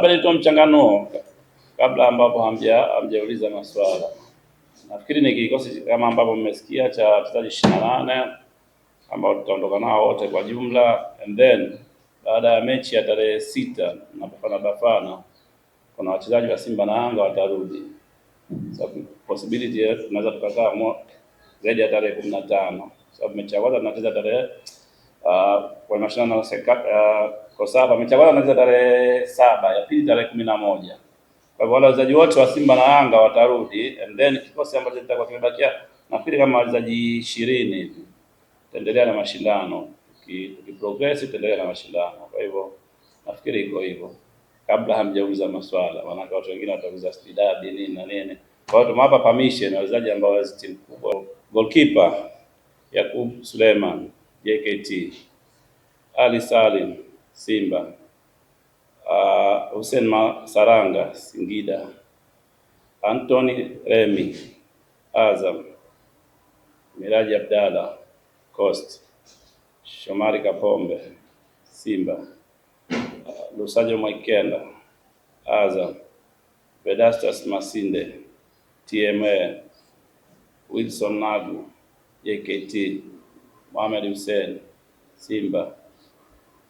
Labda nitoa mchanganuo kabla ambapo hamjauliza maswala. Nafikiri ni kikosi kama ambapo mmesikia cha wachezaji ishirini na nane ambao tutaondoka nao wote kwa jumla, and then baada ya mechi ya tarehe sita na Bafana Bafana kuna wachezaji wa Simba na Yanga watarudi, so, possibility tunaweza tukakaa zaidi ya tarehe kumi na tano sababu so, mechi ya kwanza tunacheza tarehe Uh, kwa mashindano uh, COSABA amechaguliwa anaweza tarehe saba ya pili tarehe kumi na moja. Kwa hivyo wale wachezaji wote wa Simba na Yanga watarudi and then kikosi ambacho kitakuwa kimebakia nafikiri kama wachezaji 20 hivi Tendelea na mashindano tukiprogress, tendelea na mashindano. Kwa hivyo nafikiri iko hivyo, kabla hamjauliza maswala, maanake watu wengine watauliza stidadi nini na nini. Kwa hiyo tumewapa permission wachezaji ambao wawezi timu kubwa. Goalkeeper Yakub Suleiman JKT, Ali Salim Simba, uh, Hussein Saranga Singida, Anthony Remy Azam, Miraji Abdalla Coast, Shomari Kapombe Simba, uh, Lusajo Mwaikenda Azam, Vedastus Masinde TMA, Wilson Nagu JKT Mohamed Hussein Simba,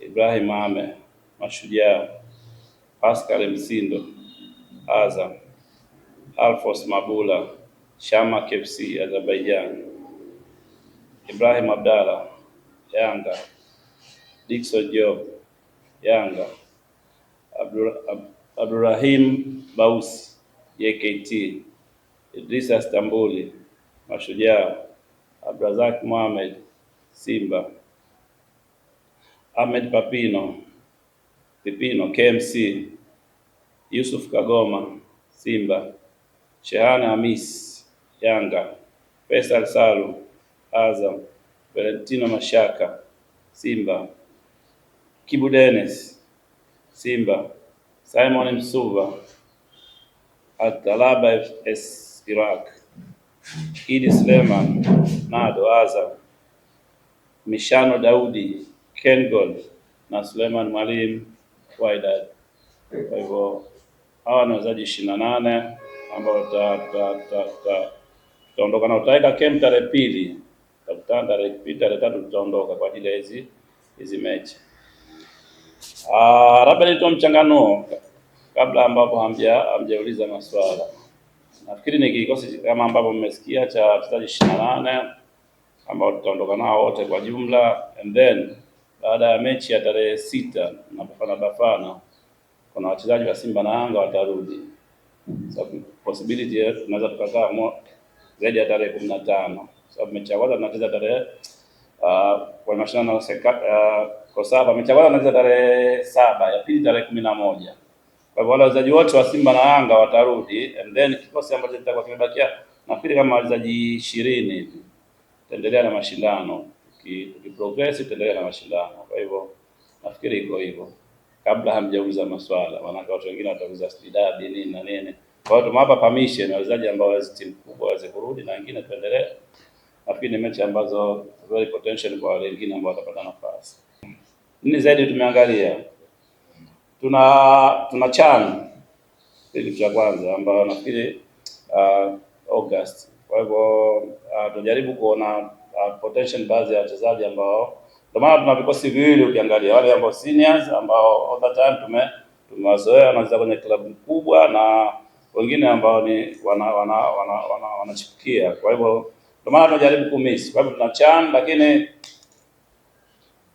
Ibrahim ame Mashujaa, Pascal Msindo Azam, alfos Mabula Shama KFC Azerbaijan, Ibrahim Abdalla Yanga, Dickson Job Yanga, Abdurahim Bausi JKT, Idrisa Stambuli Mashujaa, Abdrazak Mohamed Simba. Ahmed Papino Pipino KMC. Yusuf Kagoma Simba. Shehana Hamis Yanga. Faisal Salu Azam. Valentino Mashaka Simba. Kibu Dennis Simba. Simon Msuva Atalaba FS Iraq. Idi Sleman Nado Azam Mishano Daudi, Ken Gold na Suleiman mwalim wa Kwa hivyo hawa ni wachezaji ishirini na nane ambao tutaondoka na tutaweka kem tarehe pili, tutakutana tarehe pili, tarehe tatu tutaondoka kwa ajili ya hizi hizi mechi. Ah, labda nitoa mchanganuo kabla ambapo hamjauliza maswala, nafikiri ni kikosi kama ambavyo mmesikia cha wachezaji ishirini na nane ambao tutaondoka nao wote kwa jumla, and then baada ya mechi ya tarehe sita na Bafana Bafana, kuna wachezaji wa Simba na Yanga watarudi. So, possibility yetu tunaweza tukakaa zaidi ya tarehe kumi na tano sababu mechi ya kwanza tunacheza tarehe uh, kwa mashindano uh, kwa Kosaba, mechi ya kwanza tunacheza tarehe saba ya pili tarehe kumi na moja Kwa hivyo wale wachezaji wote wa Simba na Yanga watarudi, and then kikosi ambacho kitakuwa kimebakia nafikiri kama wachezaji ishirini hivi tutaendelea na mashindano, tukiprogress tutaendelea na mashindano. Kwa hivyo nafikiri iko hivyo, kabla hamjauliza maswala, maanake watu wengine watauliza sijui nini na nini. Kwa hiyo tumewapa permission wachezaji ambao wazi timu kubwa waweze kurudi na wengine tuendelee. Nafikiri ni mechi ambazo very potential kwa wale wengine ambao watapata nafasi. Nini zaidi tumeangalia, tuna tuna CHAN kitu cha kwanza ambayo nafikiri uh, August kwa hivyo uh, tujaribu kuona uh, potential baadhi ya wachezaji ambao, ndio maana tuna vikosi viwili. Ukiangalia wale ambao seniors ambao all the time tume tumewazoea wanacheza kwenye klabu kubwa, na wengine ambao ni wanachipukia wana, wana, wana, wana. Kwa hivyo ndio maana tunajaribu kumiss. Kwa hivyo tuna CHAN lakini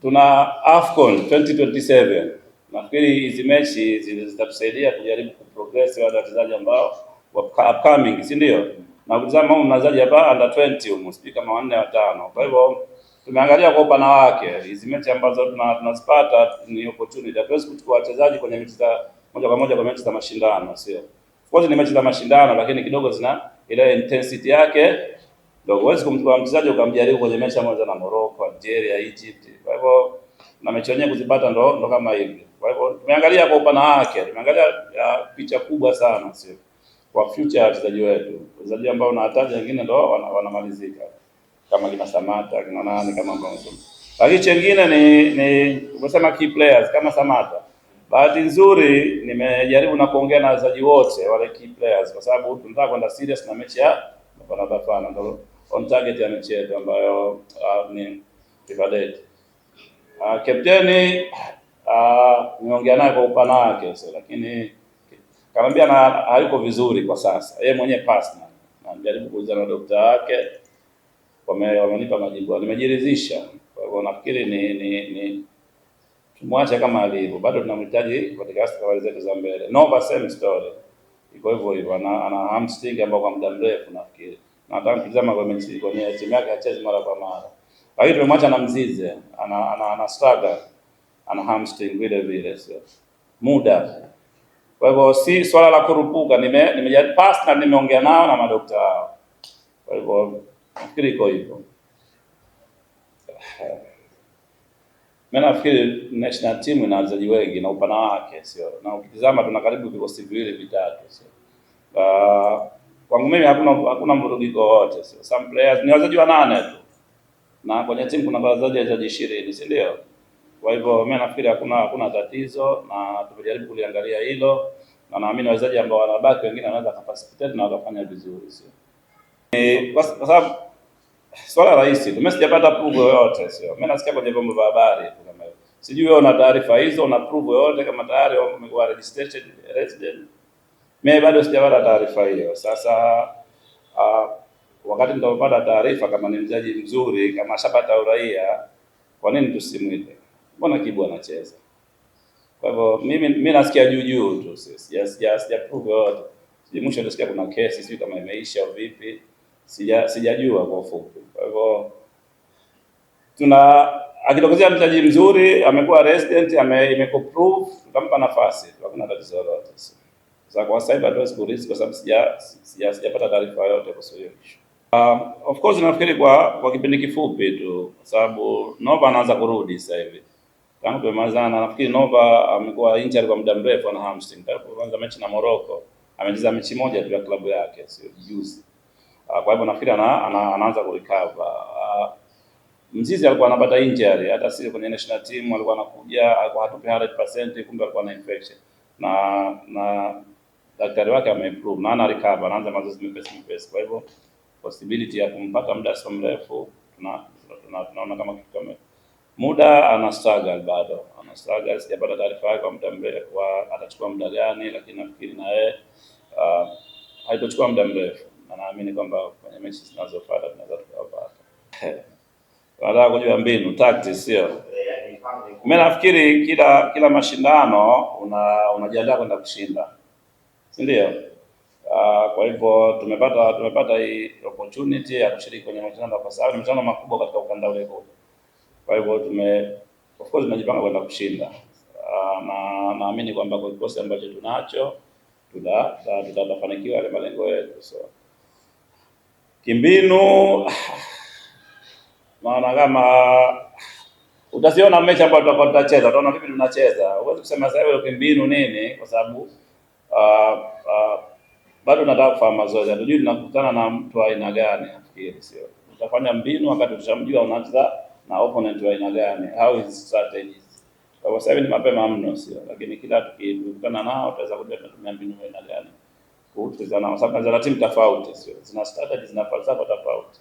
tuna AFCON 2027 nafikiri hizi mechi zitatusaidia kujaribu kuprogress wale wachezaji ambao upcoming, si ndio? na ukitazama mnazaji hapa under 20 huko sijui kama wanne watano. Kwa hivyo tumeangalia kwa upana wake hizi mechi ambazo tunazipata ni opportunity. Hatuwezi kuchukua wachezaji kwenye mechi za moja kwa moja kwa mechi za mashindano, sio of course ni mechi za mashindano, lakini kidogo zina ile intensity yake ndio. Huwezi kumchukua mchezaji ukamjaribu kwenye mechi moja na Morocco, Algeria, Egypt. Kwa hivyo na mechi yenyewe kuzipata ndo ndo kama hivi. Kwa hivyo tumeangalia kwa upana wake, tumeangalia uh, picha kubwa sana, sio kwa future ya wachezaji wetu, wachezaji ambao unawataja wengine ndio wanamalizika wana kama kina Samata kina nani kama ambao lakini chengine ni ni kusema key players kama Samata. Bahati nzuri nimejaribu na kuongea na wachezaji wote wale key players, kwa sababu tunataka kwenda serious na mechi ya Bafana Bafana, ndio on target ya mechi yetu ambayo uh, ni Ibadet. Ah uh, kapteni ah uh, nimeongea naye kwa upana wake, so, lakini kanambia na hayuko vizuri kwa sasa, yeye mwenyewe personal. Najaribu kuuliza na dokta wake, wamenipa majibu, nimejiridhisha. Kwa hivyo nafikiri ni, ni, ni tumwache kama alivyo, bado tunamhitaji katika safari zetu za mbele. Nova same story iko hivyo hivyo, ana, ana hamstring ambao kwa muda mrefu nafikiri na hata kwa kwenye timu yake hachezi mara kwa mara, lakini tumemwacha na mzize, ana ana, ana struggle ana hamstring vile vile, sio muda kwa hivyo si swala la kurupuka, nime nimejipas nimeongea nao na madokta wao. Kwa hivyo nafikiri iko hivyo. Mimi nafikiri national team ina wachezaji wengi na upana wake sio. Na ukitizama tuna karibu vikosi viwili vitatu sio. Uh, kwangu mimi hakuna hakuna mvurugiko wote sio. Some players ni wachezaji nane tu. Na kwenye timu kuna wachezaji wachezaji 20, si ndio? Kwa hivyo mimi nafikiri hakuna hakuna tatizo, na tumejaribu kuliangalia hilo, na naamini wachezaji ambao wanabaki wengine wanaweza kapasitet na wakafanya vizuri, sio e, kwa sababu swala rahisi mimi sijapata pugo yoyote, sio mimi nasikia kwenye vyombo vya habari kama hiyo. sijui wewe una taarifa hizo, una prove yoyote kama tayari umekuwa registered resident. Mimi bado sijapata taarifa hiyo. Sasa uh, wakati nitapata taarifa, kama ni mchezaji mzuri, kama ashapata uraia, kwa nini tusimwite? mbona Kibu anacheza? Kwa hivyo mimi mimi nasikia juu juu tu, sija prove yote, sija mwisho nasikia kuna kesi, sijui kama imeisha au vipi, sija sijajua kwa ufupi. Kwa hivyo tuna akitokezea mtaji mzuri, amekuwa resident, ame imeko prove, tutampa nafasi, hakuna tatizo lolote. Sasa kwa sasa hivi hatuwezi kurisk kwa sababu sija sija sijapata taarifa yote kwa sababu hiyo Uh, of course nafikiri kwa kwa kipindi kifupi tu, kwa sababu Nova anaanza kurudi sasa hivi. Yaani kama tumemalizana. Nafikiri Nova amekuwa injured kwa muda mrefu na hamstring. Kwanza mechi na Morocco amecheza mechi moja tu ya klabu yake, sio juzi. Ah, kwa hivyo nafikiri ana, ana, anaanza ku kurecover. Ah, Mzizi alikuwa anapata injury, hata sisi kwenye national team alikuwa anakuja, alikuwa hatupi 100%, kumbe alikuwa na infection na na daktari wake ame improve na ana recover, anaanza mazoezi mepesi mepesi. Kwa hivyo possibility ya kumpata muda si mrefu tunaona kama kitu kama muda ana struggle bado ana struggle, sijapata taarifa yake kwa muda mrefu, atachukua muda gani, lakini nafikiri na yeye uh, haitochukua muda mrefu, na naamini kwamba kwenye mechi zinazofuata tunaweza tukawapata. Tunataka kujua mbinu, tactics, sio mimi. Nafikiri kila kila mashindano una unajiandaa kwenda kushinda, si ndio? Uh, kwa hivyo tumepata tumepata hii opportunity ya kushiriki kwenye mashindano kwa sababu ni mashindano makubwa katika ukanda wetu kwa hivyo tume of course tunajipanga kwenda kushinda ah, na naamini kwamba kwa kikosi ambacho tunacho tuta tutafanikiwa yale malengo yetu. So kimbinu, naona kama utaziona mechi ambayo tutakuwa tutacheza, utaona vipi tunacheza. Huwezi kusema sasa hiyo kimbinu nini, kwa sababu uh, uh, bado nataka kufahamu mazoezi, hatujui tunakutana na mtu aina gani. Nafikiri sio tutafanya mbinu wakati tushamjua unacheza na opponent wa aina gani, how his strategies. Kwa sababu sasa ni mapema mno, sio lakini kila tukikutana nao tutaweza kujua tunatumia mbinu aina gani kucheza nao, sababu za timu tofauti, sio zina strategies zina falsafa tofauti.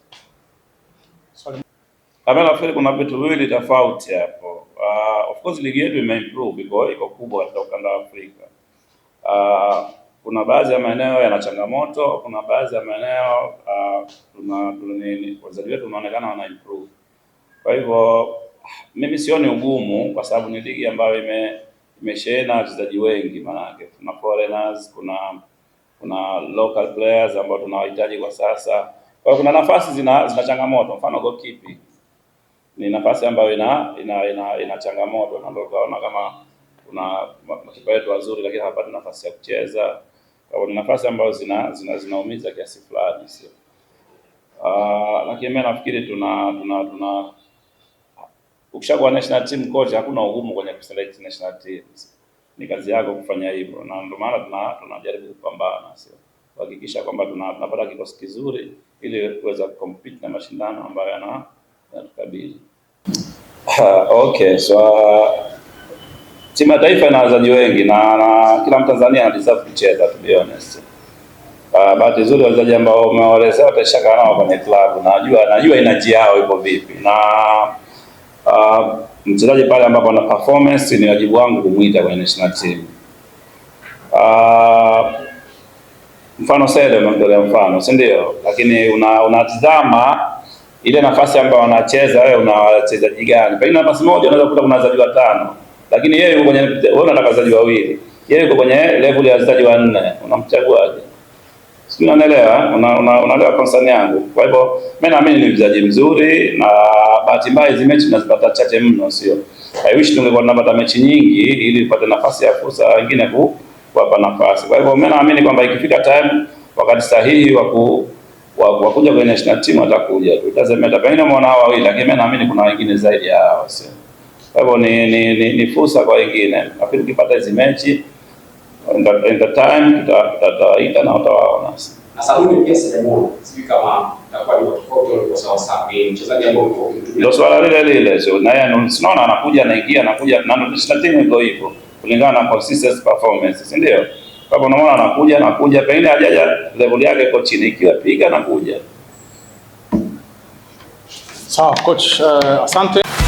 Kama nafikiri kuna vitu viwili tofauti hapo. Uh, of course ligi yetu ime improve iko iko kubwa katika ukanda wa Afrika. Uh, kuna baadhi ya maeneo yana changamoto, kuna baadhi ya maeneo uh, tuna tuna nini, wazalio wetu wanaonekana wana improve kwa hivyo mimi sioni ugumu kwa sababu ni ligi ambayo ime imeshena wachezaji wengi, maanake kuna foreigners, kuna kuna local players ambao tunawahitaji kwa sasa. Kwa hiyo kuna nafasi zina zina changamoto, mfano goalkeeper ni nafasi ambayo ina ina ina, ina changamoto, na ndio kaona kama kuna makipa yetu wazuri lakini hawapati nafasi ya kucheza. Kwa hiyo ni nafasi ambazo zina zina zinaumiza kiasi fulani, sio? Uh, lakini mimi nafikiri tuna tuna tuna Ukishakuwa national team coach, hakuna ugumu kwenye kuselect national teams. Ni kazi yako kufanya hivyo, na ndio maana tuna tunajaribu kupambana, sio kuhakikisha kwamba tunapata kikosi kizuri ili kuweza compete na mashindano ambayo yanatukabili. Okay, so timu ya taifa ina wachezaji wengi na, na kila Mtanzania ana kucheza to be honest. Uh, bahati nzuri wachezaji ambao umewaelezea wataishakaa nao kwenye klabu, najua najua energy yao ipo vipi na Uh, mchezaji pale ambapo ana performance ni wajibu wangu kumuita kwenye national team. Uh, mfano Sele umetolea mfano, si ndio? Lakini unatizama una ile nafasi ambayo anacheza wewe, una wachezaji gani? Pengine nafasi moja unaweza kukuta kuna wachezaji watano, lakini yeye yuko kwenye, wewe unataka wachezaji wawili, yeye yuko kwenye level ya wachezaji wanne, unamchaguaje? si unanielewa, unaelewa eh? una, concern yangu. Kwa hivyo mimi naamini ni mchezaji mzuri, na bahati mbaya hizo mechi nazipata chache mno, sio I wish tungekuwa tunapata mechi nyingi ili upate nafasi ya fursa wengine kuwapa nafasi. Kwa hivyo mimi naamini kwamba ikifika time, wakati sahihi wa ku wa kuja kwenye national team atakuja tu, doesn't matter, pengine umeona hao wawili, lakini mimi naamini kuna wengine zaidi ya hao, sio kwa hivyo ni, ni, ni, ni fursa kwa wengine. Nafikiri ukipata hizo mechi in the time tutaita na utawaona. ndio swala lile lile, so na anakuja anaingia anakuja, na ndio timu iko hivyo kulingana na consistency performance, si ndio? Kwa hivyo unaona anakuja anakuja, pengine hajaja level yake iko chini, ikiwa piga anakuja. Sawa coach, uh, asante.